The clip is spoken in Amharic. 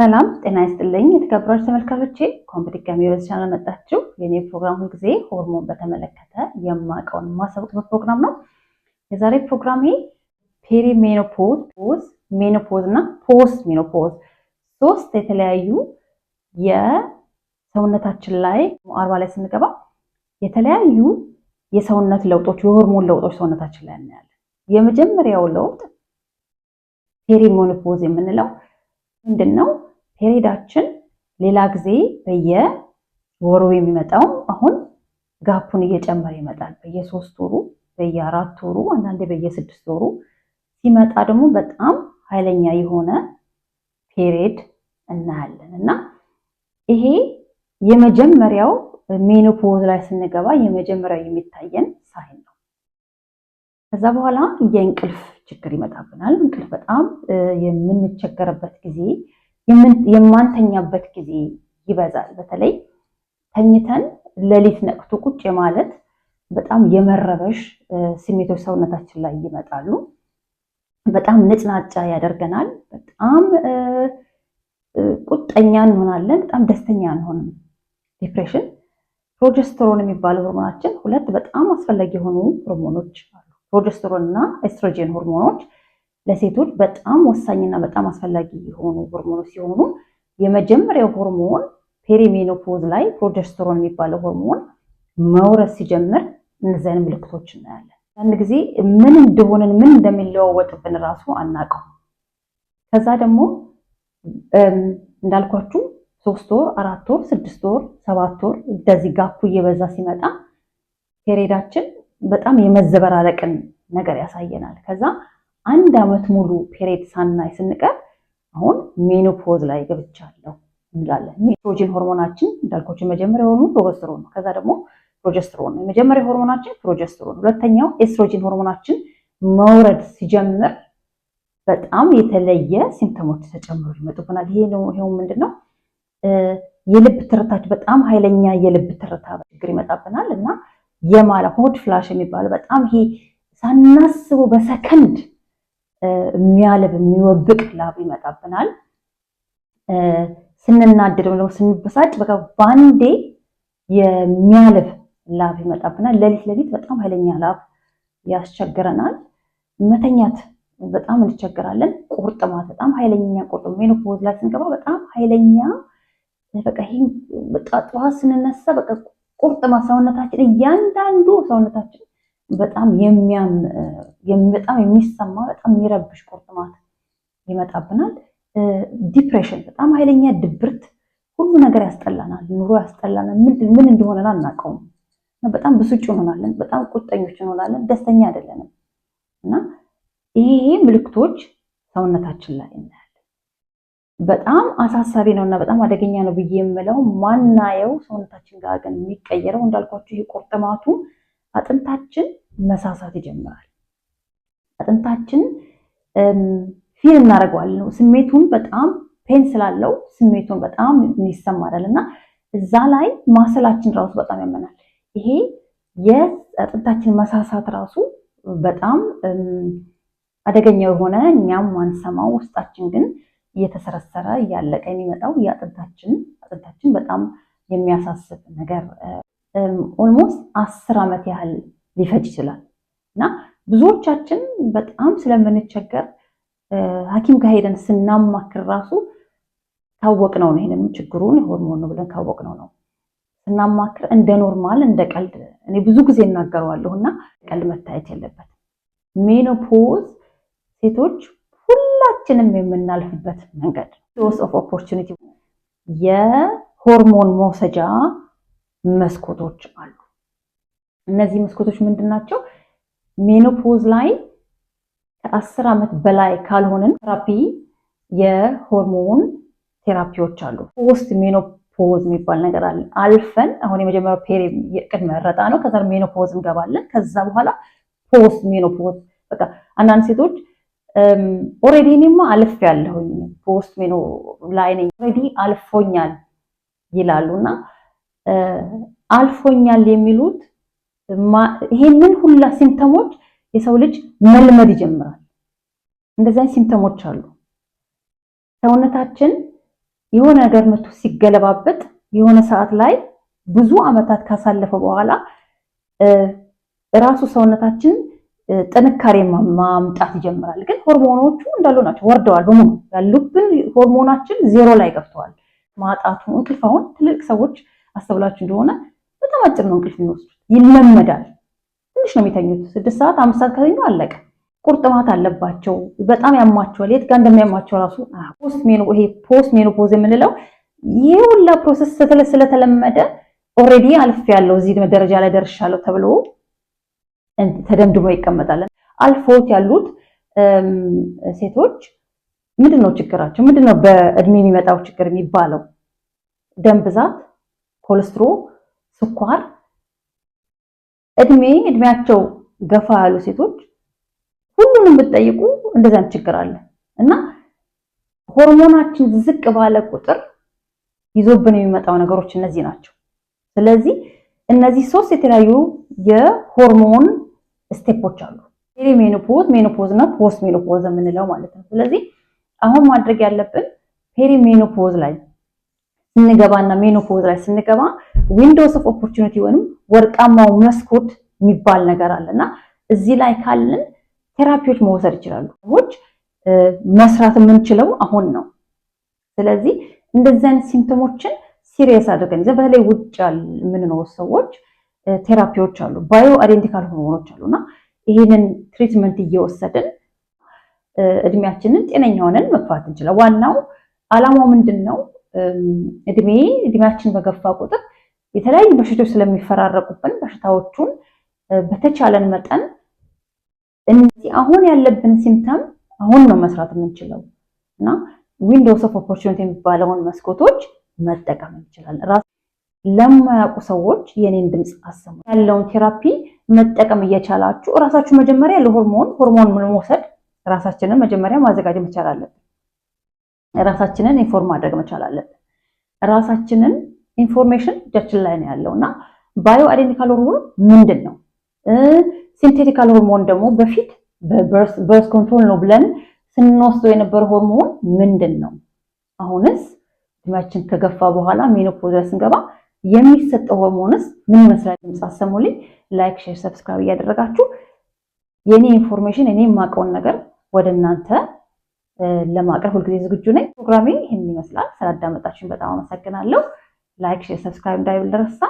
ሰላም ጤና ይስጥልኝ የተከበራችሁ ተመልካቾቼ፣ ኮን በድጋሚ በዚህ ቻናል መጣችሁ። የኔ ፕሮግራም ሁልጊዜ ሆርሞን በተመለከተ የማውቀውን የማሳውቅበት ፕሮግራም ነው። የዛሬ ፕሮግራም ፔሪሜኖፖዝ፣ ፖዝ ሜኖፖዝ እና ፖስት ሜኖፖዝ ሶስት የተለያዩ የሰውነታችን ላይ አርባ ላይ ስንገባ የተለያዩ የሰውነት ለውጦች የሆርሞን ለውጦች ሰውነታችን ላይ እናያለን። የመጀመሪያው ለውጥ ፔሪሜኖፖዝ የምንለው ምንድን ነው ፔሬዳችን ሌላ ጊዜ በየወሩ የሚመጣው አሁን ጋፑን እየጨመረ ይመጣል። በየሶስት ወሩ፣ በየአራት ወሩ፣ አንዳንዴ በየስድስት ወሩ ሲመጣ ደግሞ በጣም ኃይለኛ የሆነ ፔሬድ እናያለን እና ይሄ የመጀመሪያው ሜኖፖዝ ላይ ስንገባ የመጀመሪያው የሚታየን ሳይን ከዛ በኋላ የእንቅልፍ ችግር ይመጣብናል። እንቅልፍ በጣም የምንቸገርበት ጊዜ፣ የማንተኛበት ጊዜ ይበዛል። በተለይ ተኝተን ሌሊት ነቅቶ ቁጭ ማለት በጣም የመረበሽ ስሜቶች ሰውነታችን ላይ ይመጣሉ። በጣም ንጭናጫ ያደርገናል። በጣም ቁጠኛ እንሆናለን። በጣም ደስተኛ እንሆንም። ዲፕሬሽን ፕሮጀስትሮን የሚባለው ሆርሞናችን ሁለት በጣም አስፈላጊ የሆኑ ሆርሞኖች አሉ። ፕሮጀስትሮን እና ኤስትሮጂን ሆርሞኖች ለሴቶች በጣም ወሳኝና በጣም አስፈላጊ የሆኑ ሆርሞኖች ሲሆኑ የመጀመሪያው ሆርሞን ፔሪሜኖፖዝ ላይ ፕሮጀስትሮን የሚባለው ሆርሞን መውረስ ሲጀምር እነዚያን ምልክቶች እናያለን። አንድ ጊዜ ምን እንደሆነን ምን እንደሚለዋወጥብን ራሱ አናውቀው። ከዛ ደግሞ እንዳልኳችሁ ሶስት ወር፣ አራት ወር፣ ስድስት ወር፣ ሰባት ወር እንደዚህ ጋፑ እየበዛ ሲመጣ ፔሬዳችን በጣም የመዘበራረቅን ነገር ያሳየናል። ከዛ አንድ አመት ሙሉ ፔሬድ ሳናይ ስንቀር አሁን ሜኖፖዝ ላይ ገብቻለሁ እንላለን። ኤስትሮጂን ሆርሞናችን እንዳልኳችሁ መጀመሪያ ሆኑ ፕሮጀስትሮን ነው። ከዛ ደግሞ ፕሮጀስትሮን ነው። የመጀመሪያ ሆርሞናችን ፕሮጀስትሮን፣ ሁለተኛው ኤስትሮጂን ሆርሞናችን መውረድ ሲጀምር በጣም የተለየ ሲምፕተሞች ተጨምሮ ይመጡብናል። ይሄ ነው ይሄው ምንድን ነው የልብ ትርታች፣ በጣም ኃይለኛ የልብ ትርታ ችግር ይመጣብናል እና የማለ ሆድ ፍላሽ የሚባለው በጣም ይሄ ሳናስበው በሰከንድ የሚያለብ የሚወብቅ ላብ ይመጣብናል። ስንናደድ ወይ ደግሞ ስንበሳጭ በቃ ባንዴ የሚያልብ ላብ ይመጣብናል። ሌሊት ሌሊት በጣም ኃይለኛ ላብ ያስቸግረናል። መተኛት በጣም እንቸገራለን። ቁርጥማት፣ በጣም ኃይለኛ ቁርጥማት፣ ሜኖፖዝ ላይ ስንገባ በጣም ኃይለኛ በቃ ይሄን በቃ ጠዋት ስንነሳ በቃ ቁርጥማት ሰውነታችን እያንዳንዱ ሰውነታችን በጣም የሚያም በጣም የሚሰማ በጣም የሚረብሽ ቁርጥማት ይመጣብናል። ዲፕሬሽን፣ በጣም ኃይለኛ ድብርት፣ ሁሉ ነገር ያስጠላናል። ኑሮ ያስጠላናል። ምን እንደሆነን አናውቀውም። በጣም ብሱጭ እንሆናለን። በጣም ቁጠኞች እንሆናለን። ደስተኛ አይደለንም እና ይሄ ምልክቶች ሰውነታችን ላይ በጣም አሳሳቢ ነው እና በጣም አደገኛ ነው ብዬ የምለው ማናየው ሰውነታችን ጋር ግን የሚቀየረው እንዳልኳቸው ይህ ቁርጥማቱ አጥንታችን መሳሳት ይጀምራል። አጥንታችን ፊል እናደርገዋለን ነው ስሜቱን በጣም ፔን ስላለው ስሜቱን በጣም ይሰማራል እና እዛ ላይ ማሰላችን ራሱ በጣም ያመናል። ይሄ የአጥንታችን መሳሳት ራሱ በጣም አደገኛው የሆነ እኛም ማንሰማው ውስጣችን ግን እየተሰረሰረ እያለቀ የሚመጣው የአጥንታችን አጥንታችን በጣም የሚያሳስብ ነገር ኦልሞስት አስር ዓመት ያህል ሊፈጅ ይችላል እና ብዙዎቻችን በጣም ስለምንቸገር ሐኪም ጋር ሄደን ስናማክር ራሱ ታወቅ ነው ነው ይሄንን ችግሩን ሆርሞን ብለን ታወቅ ነው ነው ስናማክር እንደ ኖርማል እንደ ቀልድ እኔ ብዙ ጊዜ እናገረዋለሁ እና ቀልድ መታየት የለበት ሜኖፖዝ ሴቶች ሁላችንም የምናልፍበት መንገድ ዶስ ኦፍ ኦፖርቹኒቲ የሆርሞን መውሰጃ መስኮቶች አሉ። እነዚህ መስኮቶች ምንድን ናቸው? ሜኖፖዝ ላይ ከአስር ዓመት በላይ ካልሆንን ቴራፒ የሆርሞን ቴራፒዎች አሉ። ፖስት ሜኖፖዝ የሚባል ነገር አለ። አልፈን አሁን የመጀመሪያው ፔሪ ቅድመ እረጣ ነው። ከዛ ሜኖፖዝ እንገባለን። ከዛ በኋላ ፖስት ሜኖፖዝ በቃ አንዳንድ ሴቶች ኦሬዲ እኔማ አልፍ ያለሁኝ በውስጥ ሜኖ ላይ ነኝ ኦሬዲ አልፎኛል ይላሉ እና አልፎኛል የሚሉት ይሄንን ሁላ ሲምተሞች የሰው ልጅ መልመድ ይጀምራል። አይነት ሲምተሞች አሉ። ሰውነታችን የሆነ ነገር መቶ ሲገለባበጥ የሆነ ሰዓት ላይ ብዙ ዓመታት ካሳለፈ በኋላ ራሱ ሰውነታችን ጥንካሬ ማምጣት ይጀምራል። ግን ሆርሞኖቹ እንዳሉ ናቸው፣ ወርደዋል። በሙሉ ያሉብን ሆርሞናችን ዜሮ ላይ ገብተዋል። ማጣቱ እንቅልፍ አሁን ትልቅ ሰዎች አስተብላችሁ እንደሆነ በጣም አጭር ነው እንቅልፍ የሚወስዱ ይለመዳል። ትንሽ ነው የሚተኙት። ስድስት ሰዓት አምስት ሰዓት ከተኙ አለቀ። ቁርጥማት አለባቸው፣ በጣም ያማቸዋል። የት ጋር እንደሚያማቸው ራሱ ፖስት ይሄ ፖስት ሜኖፖዝ የምንለው ይህ ሁላ ፕሮሰስ ስለተለመደ ኦልሬዲ ያለው እዚህ ደረጃ ላይ ደርሻለሁ ተብሎ ተደምድሞ ይቀመጣለን። አልፎት ያሉት ሴቶች ምንድን ነው ችግራቸው? ምንድን ነው በእድሜ የሚመጣው ችግር የሚባለው? ደም ብዛት፣ ኮሌስትሮ፣ ስኳር። እድሜ እድሜያቸው ገፋ ያሉ ሴቶች ሁሉንም ብትጠይቁ እንደዛን ችግር አለ እና ሆርሞናችን ዝቅ ባለ ቁጥር ይዞብን የሚመጣው ነገሮች እነዚህ ናቸው። ስለዚህ እነዚህ ሶስት የተለያዩ የሆርሞን ስቴፖች አሉ። ፔሪ ሜኖፖዝ፣ ሜኖፖዝ እና ፖስት ሜኖፖዝ የምንለው ማለት ነው። ስለዚህ አሁን ማድረግ ያለብን ፔሪ ሜኖፖዝ ላይ ስንገባ እና ሜኖፖዝ ላይ ስንገባ ዊንዶውስ ኦፍ ኦፖርቹኒቲ ወይም ወርቃማው መስኮት የሚባል ነገር አለ እና እዚህ ላይ ካለን ቴራፒዎች መውሰድ ይችላሉ። ሰዎች መስራት የምንችለው አሁን ነው። ስለዚህ እንደዚህ አይነት ሲምፕቶሞችን ሲሪየስ አድርገን ይዘን በተለይ ውጭ የምንኖሩ ሰዎች ቴራፒዎች አሉ፣ ባዮ አይደንቲካል ሆርሞኖች አሉ እና ይህንን ትሪትመንት እየወሰድን እድሜያችንን ጤነኛ ሆነን መግፋት እንችላል። ዋናው አላማው ምንድን ነው? እድሜ እድሜያችን በገፋ ቁጥር የተለያዩ በሽቶች ስለሚፈራረቁብን በሽታዎቹን በተቻለን መጠን እነዚህ አሁን ያለብን ሲምተም አሁን ነው መስራት የምንችለው እና ዊንዶውስ ኦፍ ኦፖርቹኒቲ የሚባለውን መስኮቶች መጠቀም እንችላለን። ለማያውቁ ሰዎች የኔን ድምፅ አሰሙ ያለውን ቴራፒ መጠቀም እየቻላችሁ እራሳችሁ መጀመሪያ ለሆርሞን ሆርሞን መውሰድ ራሳችንን መጀመሪያ ማዘጋጀት መቻል አለብን። ራሳችንን ኢንፎርም ማድረግ መቻል አለብን። ራሳችንን ኢንፎርሜሽን እጃችን ላይ ነው ያለው እና ባዮ አይደንቲካል ሆርሞን ምንድን ነው? ሲንቴቲካል ሆርሞን ደግሞ በፊት በበርስ ኮንትሮል ነው ብለን ስንወስደው የነበረ ሆርሞን ምንድን ነው? አሁንስ እድሜያችን ከገፋ በኋላ ሜኖፖዝ ስንገባ የሚሰጠው ሆርሞንስ ምን ይመስላል? ድምፅ አሰሙልኝ። ላይክ፣ ሼር፣ ሰብስክራይብ እያደረጋችሁ የእኔ ኢንፎርሜሽን እኔ የማውቀውን ነገር ወደ እናንተ ለማቅረብ ሁልጊዜ ዝግጁ ነኝ። ፕሮግራሜ ይህን ይመስላል። ስላዳመጣችሁን በጣም አመሰግናለሁ። ላይክ፣ ሼር፣ ሰብስክራይብ እንዳይደረሳ